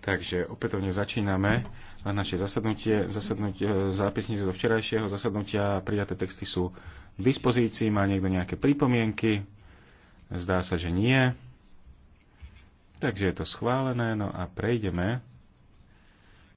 Takže opätovne začíname na naše zasadnutie. zasadnutie e, zápisnice zo včerajšieho zasadnutia prijaté texty sú k dispozícii. Má niekto nejaké pripomienky? Zdá sa, že nie. Takže je to schválené. No a prejdeme